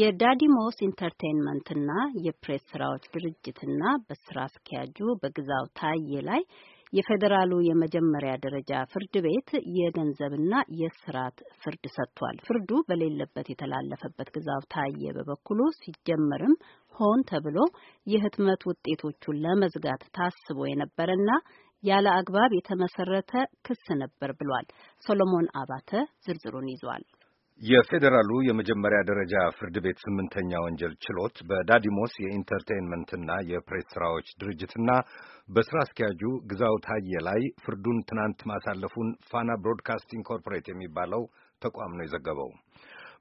የዳዲሞስ ኢንተርቴንመንትና የፕሬስ ስራዎች ድርጅትና በስራ አስኪያጁ በግዛው ታዬ ላይ የፌዴራሉ የመጀመሪያ ደረጃ ፍርድ ቤት የገንዘብና የስርዓት ፍርድ ሰጥቷል። ፍርዱ በሌለበት የተላለፈበት ግዛው ታየ በበኩሉ ሲጀመርም ሆን ተብሎ የህትመት ውጤቶቹን ለመዝጋት ታስቦ የነበረና ያለ አግባብ የተመሰረተ ክስ ነበር ብሏል። ሶሎሞን አባተ ዝርዝሩን ይዟል። የፌዴራሉ የመጀመሪያ ደረጃ ፍርድ ቤት ስምንተኛ ወንጀል ችሎት በዳዲሞስ የኢንተርቴንመንትና የፕሬስ ስራዎች ድርጅትና በስራ አስኪያጁ ግዛው ታዬ ላይ ፍርዱን ትናንት ማሳለፉን ፋና ብሮድካስቲንግ ኮርፖሬት የሚባለው ተቋም ነው የዘገበው።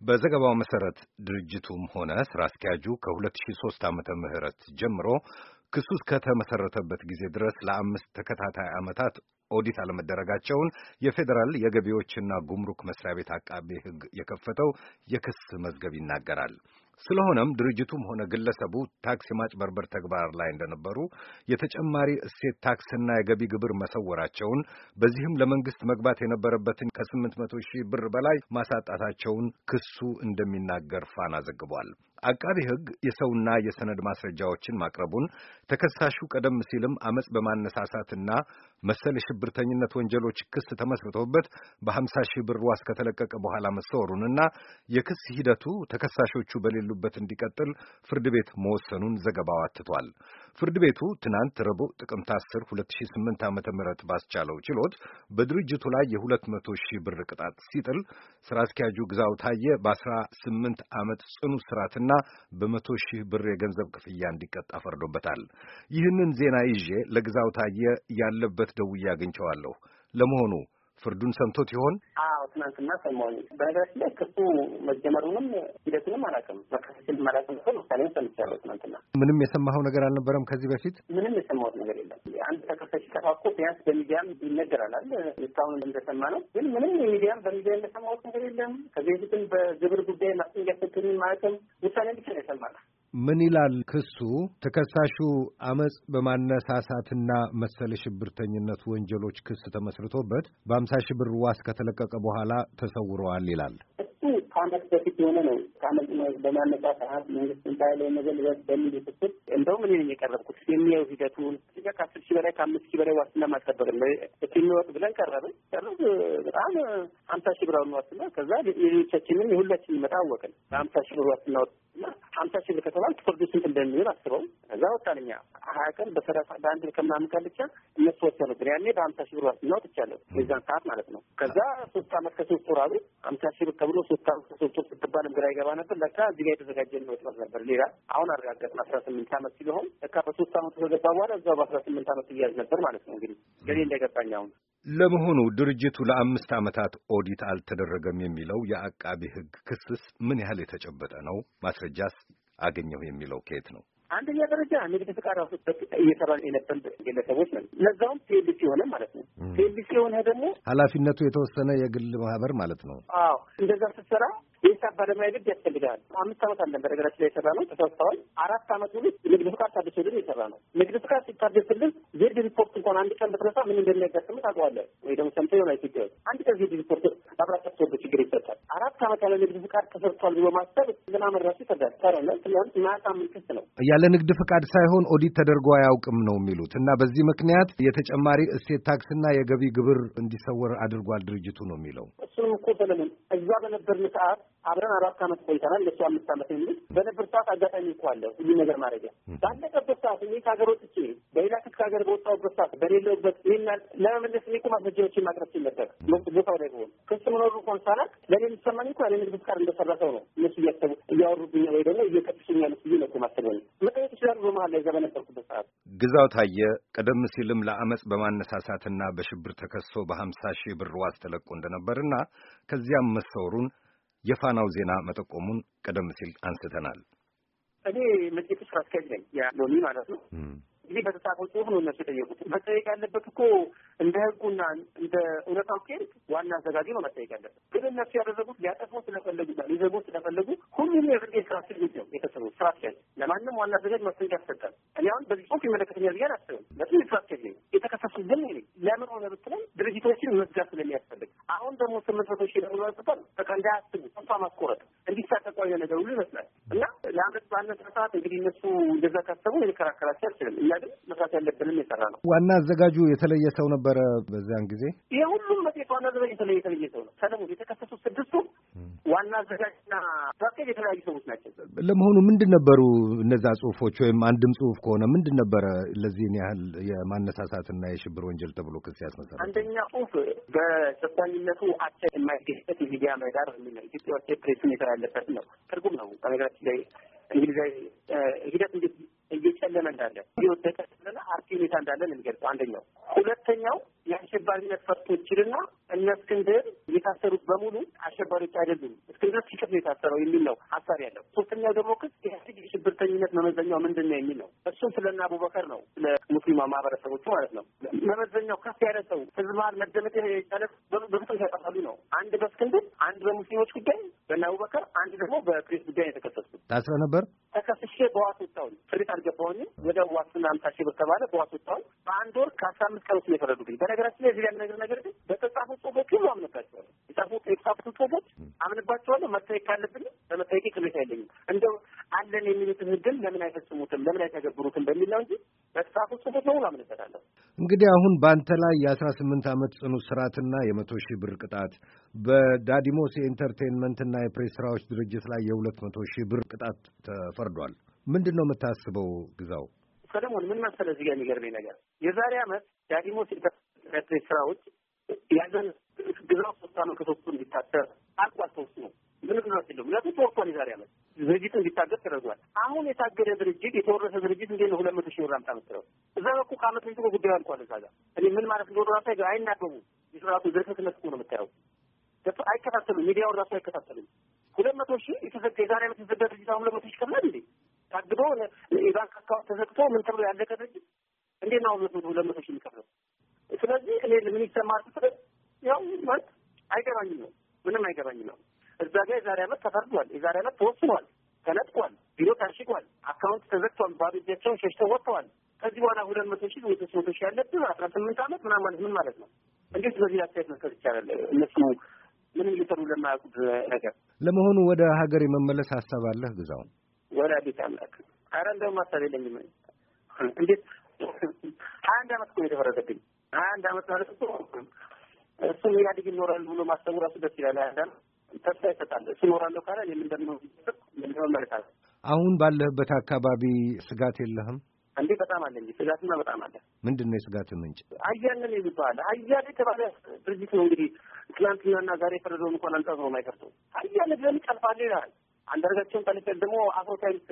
በዘገባው መሰረት ድርጅቱም ሆነ ስራ አስኪያጁ ከ2003 ዓመተ ምህረት ጀምሮ ክሱ እስከተመሰረተበት ጊዜ ድረስ ለአምስት ተከታታይ ዓመታት ኦዲት አለመደረጋቸውን የፌዴራል የገቢዎችና ጉምሩክ መስሪያ ቤት አቃቤ ሕግ የከፈተው የክስ መዝገብ ይናገራል። ስለሆነም ድርጅቱም ሆነ ግለሰቡ ታክስ የማጭበርበር ተግባር ላይ እንደነበሩ የተጨማሪ እሴት ታክስና የገቢ ግብር መሰወራቸውን በዚህም ለመንግስት መግባት የነበረበትን ከ መቶ ሺህ ብር በላይ ማሳጣታቸውን ክሱ እንደሚናገር ፋና ዘግቧል። አቃቢ ሕግ የሰውና የሰነድ ማስረጃዎችን ማቅረቡን ተከሳሹ ቀደም ሲልም አመፅ በማነሳሳትና መሰል የሽብርተኝነት ወንጀሎች ክስ ተመስርቶበት በሀምሳ ሺህ ብር ዋስ ከተለቀቀ በኋላ መሰወሩንና የክስ ሂደቱ ተከሳሾቹ በሌለ ባሉበት እንዲቀጥል ፍርድ ቤት መወሰኑን ዘገባው አትቷል። ፍርድ ቤቱ ትናንት ረቡዕ ጥቅምት 10 2008 ዓ ም ባስቻለው ችሎት በድርጅቱ ላይ የ200 ሺህ ብር ቅጣት ሲጥል ስራ አስኪያጁ ግዛው ታየ በ18 ዓመት ጽኑ ስራትና በመቶ ሺህ ብር የገንዘብ ክፍያ እንዲቀጣ ፈርዶበታል። ይህንን ዜና ይዤ ለግዛው ታየ ያለበት ደውዬ አግኝቸዋለሁ። ለመሆኑ ፍርዱን ሰምቶት ይሆን? አዎ ትናንትና ሰማሁኝ። በነገራችን ላይ ክሱ መጀመሩንም ሂደቱንም አላውቅም። መከታተል ማላውቅም ሰው ውሳኔውን ሰምቻለሁ ትናንትና። ምንም የሰማኸው ነገር አልነበረም ከዚህ በፊት? ምንም የሰማሁት ነገር የለም። አንድ ተከሳሽ ከፋኮ ቢያንስ በሚዲያም ይነገራላል። እስካሁን እንደሰማ ነው። ግን ምንም የሚዲያም በሚዲያ እንደሰማሁት ነገር የለም። ከዚህ በፊትም በግብር ጉዳይ ማስጠንቀቂያ ሰጡኝ። ማለትም ውሳኔ ብቻ ነው የሰማነው። ምን ይላል ክሱ? ተከሳሹ አመፅ በማነሳሳትና መሰለ ሽብርተኝነት ወንጀሎች ክስ ተመስርቶበት በአምሳ ሺህ ብር ዋስ ከተለቀቀ በኋላ ተሰውረዋል ይላል። እሱ ከአመት በፊት የሆነ ነው። ከአመት በማነሳሳት መንግስትን ባይለ መዘልበት በሚል ስስል እንደውም እኔ ነኝ የቀረብኩት የሚያዩ ሂደቱን እዛ ከአስር ሺህ በላይ ከአምስት ሺህ በላይ ዋስትና ማስጠበቅ የሚወጥ ብለን ቀረብን። ቀረብ በጣም አምሳ ሺህ ብር ዋስትና ከዛ የሌሎቻችንም የሁላችን መጣ አወቅን በሀምሳ ሺህ ብር ዋስትና ወጥና ሀምሳ ሺህ ብር ከተባል ፍርዱ ስንት እንደሚሆን አስበው። እዛ ወጣን እኛ ሀያ ቀን በሰላሳ በአንድ ብር ከምናምን ቀን ብቻ እነሱ ወሰኑብን። ያኔ በሀምሳ ሺህ ብር ዋስትና ወጥቻለሁ፣ የዛን ሰዓት ማለት ነው። ከዛ ሶስት አመት ከሶስት ወር አሉ ሀምሳ ሺህ ብር ተብሎ ሶስት አመት ከሶስት ወር ስትባልም ግራ ይገባ ነበር። ለካ እዚህ ጋር የተዘጋጀ ወጥመድ ነበር ሌላ። አሁን አረጋገጥን አስራ ስምንት አመት ሲሆን ለካ በሶስት አመቱ ከገባ በኋላ እዛው በአስራ ስምንት አመት እያዝ ነበር ማለት ነው። እንግዲህ ገሌ እንደገባኝ አሁን ለመሆኑ ድርጅቱ ለአምስት ዓመታት ኦዲት አልተደረገም የሚለው የአቃቢ ሕግ ክስስ ምን ያህል የተጨበጠ ነው? ማስረጃስ አገኘሁ የሚለው ከየት ነው? አንደኛ ደረጃ ንግድ ፍቃድ አውጥተህ እየሰራ የነበር ግለሰቦች ነው። ለዛውም ፒኤልሲ የሆነ ማለት ነው። ፒኤልሲ የሆነ ደግሞ ኃላፊነቱ የተወሰነ የግል ማህበር ማለት ነው። አዎ እንደዛ ስትሰራ የሂሳብ ባለሙያ ግድ ያስፈልጋል። አምስት ዓመት አለን በነገራችን ላይ የሰራ ነው ተሰብተዋል። አራት ዓመት ሙሉ ንግድ ፍቃድ ታድሶልን የሰራ ነው። ንግድ ፍቃድ ሲታደስልን ዜድ ሪፖርት እንኳን አንድ ቀን በተነሳ ምን እንደሚያጋጥም ታውቀዋለህ ወይ ደግሞ ሰምተ ይሆናል። ኢትዮጵያ ውስጥ አንድ ቀን ዜድ ሪፖርት አብራ ተወዶ ችግር ይሰጣል። አራት ዓመት ያለ ንግድ ፍቃድ ተሰርቷል ብሎ ማሰብ ዝና መድረሱ ይፈርዳል። ተረለ ስለሆን ማያሳምን ክስ ነው። ያለ ንግድ ፍቃድ ሳይሆን ኦዲት ተደርጎ አያውቅም ነው የሚሉት እና በዚህ ምክንያት የተጨማሪ እሴት ታክስና የገቢ ግብር እንዲሰወር አድርጓል ድርጅቱ ነው የሚለው እሱንም እኮ ሰለሞን እዛ በነበርን ሰዓት አብረን አራት አመት ቆይተናል። ለሱ አምስት አመት የሚል በነበር ሰዓት አጋጣሚ እኮ አለ ሁሉ ነገር ማድረጊያ ባለቀበት ሰዓት እኔ ከሀገር ወጥቼ በሌላ ክፍለ ሀገር በወጣሁበት ሰዓት በሌለውበት ይህን ለመመለስ እኔ እኮ ማስረጃዎችን ማቅረብ ሲል ነበር። ቦታው ላይ ሆን ክስ መኖሩ እንኳን ሳላቅ ለእኔ የሚሰማኝ እኮ ንግድ ፍቃድ እንደሰራ ሰው ነው። እነሱ እያሰቡ እያወሩብኛ ወይ ደግሞ እየቀጥሱኛሉ ስዬ ነው ማሰበ መቀየት ይችላሉ። በመሀል ላይ እዛ በነበርኩበት ሰዓት ግዛው ታየ ቀደም ሲልም ለአመፅ በማነሳሳትና በሽብር ተከሶ በሀምሳ ሺህ ብር ዋስ ተለቆ እንደነበርና ከዚያም መሰወሩን የፋናው ዜና መጠቆሙን ቀደም ሲል አንስተናል። እኔ መጽሔቱ ስራ አስኪያጅ ነኝ፣ የሎሚ ማለት ነው። እንግዲህ በተጻፈው ጽሁፍ ነው እነሱ የጠየቁት። መጠየቅ ያለበት እኮ እንደ ህጉና እንደ እውነታው ኬል ዋና አዘጋጁ ነው መጠየቅ ያለበት። ግን እነሱ ያደረጉት ሊያጠፉ ስለፈለጉና ሊዘጉ ስለፈለጉ ሁሉም የፍርዴ ስራ አስኪያጅ ነው የተሰሩት። ስራ አስኪያጅ ለማንም ዋና አዘጋጅ ማስጠንቀቂያ ያሰጣል። በዚህ ጽሁፍ ይመለከተኛል ብዬ አላስብም። በጣም የተሳተፍ ነኝ። የተከሰሱ ግን ለምን ሆነ ብትለኝ ድርጅቶችን መዝጋት ስለሚያስፈልግ አሁን ደግሞ ስምንት መቶ ሺህ ለመጠጠል በቃ እንዳያስቡ ተስፋ ማስቆረጥ እንዲሳቀቋ አይነ ነገር ሁሉ በዛ ሰዓት እንግዲህ እነሱ እንደዛ ካሰቡ ሊከራከራቸው አልችልም። እኛ ግን መስራት ያለብንም የሰራ ነው። ዋና አዘጋጁ የተለየ ሰው ነበረ በዚያን ጊዜ። የሁሉም ሁሉም መጽሔት ዋና አዘጋጅ የተለየ የተለየ ሰው ነው። ሰለሞን የተከሰሱ ስድስቱ ዋና አዘጋጅና ራስጌ የተለያዩ ሰዎች ናቸው። ለመሆኑ ምንድን ነበሩ እነዛ ጽሁፎች? ወይም አንድም ጽሁፍ ከሆነ ምንድን ነበረ ለዚህን ያህል የማነሳሳትና የሽብር ወንጀል ተብሎ ክስ ያስመሰረ? አንደኛ ጽሁፍ በጨቋኝነቱ አቻ የማይገኝበት የሚዲያ መዳር የሚል ኢትዮጵያ ፕሬስን የተላለበት ነው። ትርጉም ነው በነገራችን ላይ እንግሊዛዊ ሂደት እየጨለመ እንዳለ እየወደቀ ስለና አርኪ ሁኔታ እንዳለ የሚገልጸው አንደኛው። ሁለተኛው የአሸባሪነት ፈርቶችንና እነ እስክንድር የታሰሩት በሙሉ አሸባሪዎች አይደሉም፣ እስክንድር ሲቅር ነው የታሰረው የሚል ነው ሀሳብ ያለው። ሶስተኛው ደግሞ ክስ የህግ የሽብርተኝነት መመዘኛው ምንድን ነው የሚል ነው። እሱም ስለና አቡበከር ነው ስለ ሙስሊማ ማህበረሰቦቹ ማለት ነው። መመዘኛው ከፍ ያለ ሰው ህዝብ መሀል መደመጥ የቻለ በፍጥነት ያጠፋሉ ነው። አንድ በእስክንድር አንድ በሙስሊሞች ጉዳይ በና አቡበከር አንድ ደግሞ በፕሬስ ጉዳይ የተከሰሱ ታስረ ነበር። ተከስሼ በዋስ ወጣሁኝ። ፍርድ ወደ ዋስትና አምሳ ሺህ ብር ተባለ። በዋስ ወጣሁኝ። ወር ከአስራ አምስት ቀን ውስጥ የፈረዱብኝ። በነገራችን ላይ እዚህ ነገር ነገር ግን በተጻፉ ጽሁፎች ሁሉ አምንባቸዋለሁ። የጻፉ የተጻፉትን ጽሁፎች አምንባቸዋለሁ። መታየት ካለብን በመታየቴ ቅሬታ የለኝም። እንደው አለን የሚሉትን ህግን ለምን አይፈጽሙትም ለምን አይተገብሩትም በሚል ነው እንጂ በተጻፉ ጽሁፎች በሙሉ አምንበታለሁ። እንግዲህ አሁን በአንተ ላይ የአስራ ስምንት አመት ጽኑ ስርዓትና የመቶ ሺህ ብር ቅጣት በዳዲሞስ የኢንተርቴንመንትና የፕሬስ ስራዎች ድርጅት ላይ የሁለት መቶ ሺህ ብር ቅጣት ተፈርዷል። ምንድን ነው የምታስበው ግዛው? ሰለሞን ምን መሰለ እዚህ ጋር የሚገርመኝ ነገር የዛሬ አመት የአዲሞስ ኢንተርፕሬት ስራዎች ያዘን ግዛው ሶስት ዓመት ከሶስቱ እንዲታሰር አልቋል። ተወስኖ ምን ግዛት የለውም። ምክንያቱም ተወርቷል። የዛሬ አመት ድርጅት እንዲታገድ ተደርጓል። አሁን የታገደ ድርጅት የተወረሰ ድርጅት እንዴት ነው ሁለት መቶ ሺህ ብር አምጣ መስለው እዛ በኩ ከአመት በፊት ጉዳዩ አልቋል። እዛ ጋር እኔ ምን ማለት እንደሆነ ራሱ አይናገቡም። የስርአቱ ዝርክርክ ነስኩ ነው የምታየው። አይከታተሉም። ሚዲያውን ራሱ አይከታተሉም። ሁለት መቶ ሺህ የተዘጋ የዛሬ አመት የተዘጋ ድርጅት አሁን ሁለት መቶ ሺህ ከፍላል እንዴ ታግዶ የባንክ አካውንት ተዘግቶ ምን ተብሎ ያለቀ ድርጅት እንዴት ነው መቶ ብሎ ለመቶ ሺህ የሚከፍለው? ስለዚህ እኔ ምን ይሰማል ስትል ያው ማለት አይገባኝም ነው ምንም አይገባኝም ነው። እዛ ጋ የዛሬ ዓመት ተፈርዷል፣ የዛሬ ዓመት ተወስኗል፣ ተነጥቋል፣ ቢሮ ታሽጓል፣ አካውንት ተዘግቷል፣ ባዶ እጃቸውን ሸሽተው ወጥተዋል። ከዚህ በኋላ ሁለት መቶ ሺህ ወይ ሶስት መቶ ሺህ ያለብህ አስራ ስምንት ዓመት ምናምን ማለት ምን ማለት ነው? እንዴት በዚህ አስተያየት መስጠት ይቻላል? እነሱ ምንም ሊሰሩ ለማያውቁት ነገር። ለመሆኑ ወደ ሀገር የመመለስ ሀሳብ አለህ ግዛው? ወላዲት አምላክ አረ እንደውም ማሳብ የለኝም። እንዴት ሀያ አንድ አመት እኮ የተፈረደብኝ ሀያ አንድ አመት ማለት እኮ እሱም ኢህአዴግ ይኖራል ብሎ ማሰቡ ራሱ ደስ ይላል። ሀያ አንድ ተስፋ ይሰጣል። እሱ ኖራለሁ ካለ እኔም እንደምነው አሁን ባለህበት አካባቢ ስጋት የለህም እንዴ? በጣም አለ ስጋትና በጣም አለ። ምንድን ነው የስጋት ምንጭ? አያለን የሚባል አያል የተባለ ድርጅት ነው እንግዲህ ትናንትናና ዛሬ የፈረደውን እንኳን አንጻጽ ነው የማይከፍተው ብለን ጨልፋለ ይላል አንዳርጋቸውን ጠልጨት ደግሞ አፍሮ ታይምስ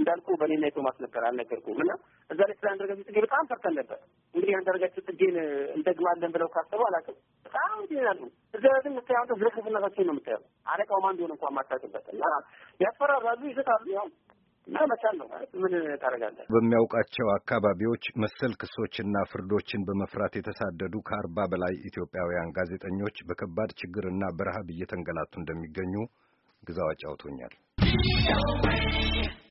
እንዳልኩ በእኔና የቶማስ ነበር አልነገርኩም እና እዛ ላይ ስለ አንዳርጋቸው ጽጌ በጣም ፈርተን ነበር። እንግዲህ አንዳርጋቸው ጽጌን እንደግማለን ብለው ካሰቡ አላውቅም። በጣም ይናሉ። እዚ ግን ምታያመ ዝርክፍነታቸው ነው የምታየው። አለቃው ማን እንደሆነ እንኳን ማታውቅበት እና ያስፈራራሉ፣ ይዘታሉ ያው እና መቻል ነው ምን ታደርጋለህ? በሚያውቃቸው አካባቢዎች መሰል ክሶችና ፍርዶችን በመፍራት የተሳደዱ ከአርባ በላይ ኢትዮጵያውያን ጋዜጠኞች በከባድ ችግርና በረሃብ እየተንገላቱ እንደሚገኙ ግዛው አጫውቶኛል።